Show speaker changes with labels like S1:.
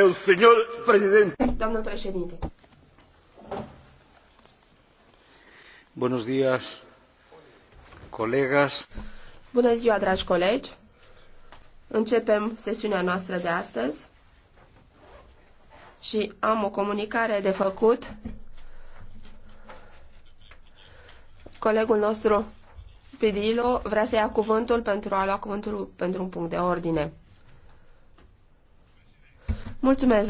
S1: El señor presidente. Domnul președinte.
S2: Buenos días, colegas.
S3: Bună ziua, dragi colegi. Începem sesiunea noastră de astăzi și am o comunicare de făcut. Colegul nostru, Pidilo,
S4: vrea să ia cuvântul pentru a lua cuvântul pentru un punct de ordine. Mulțumesc,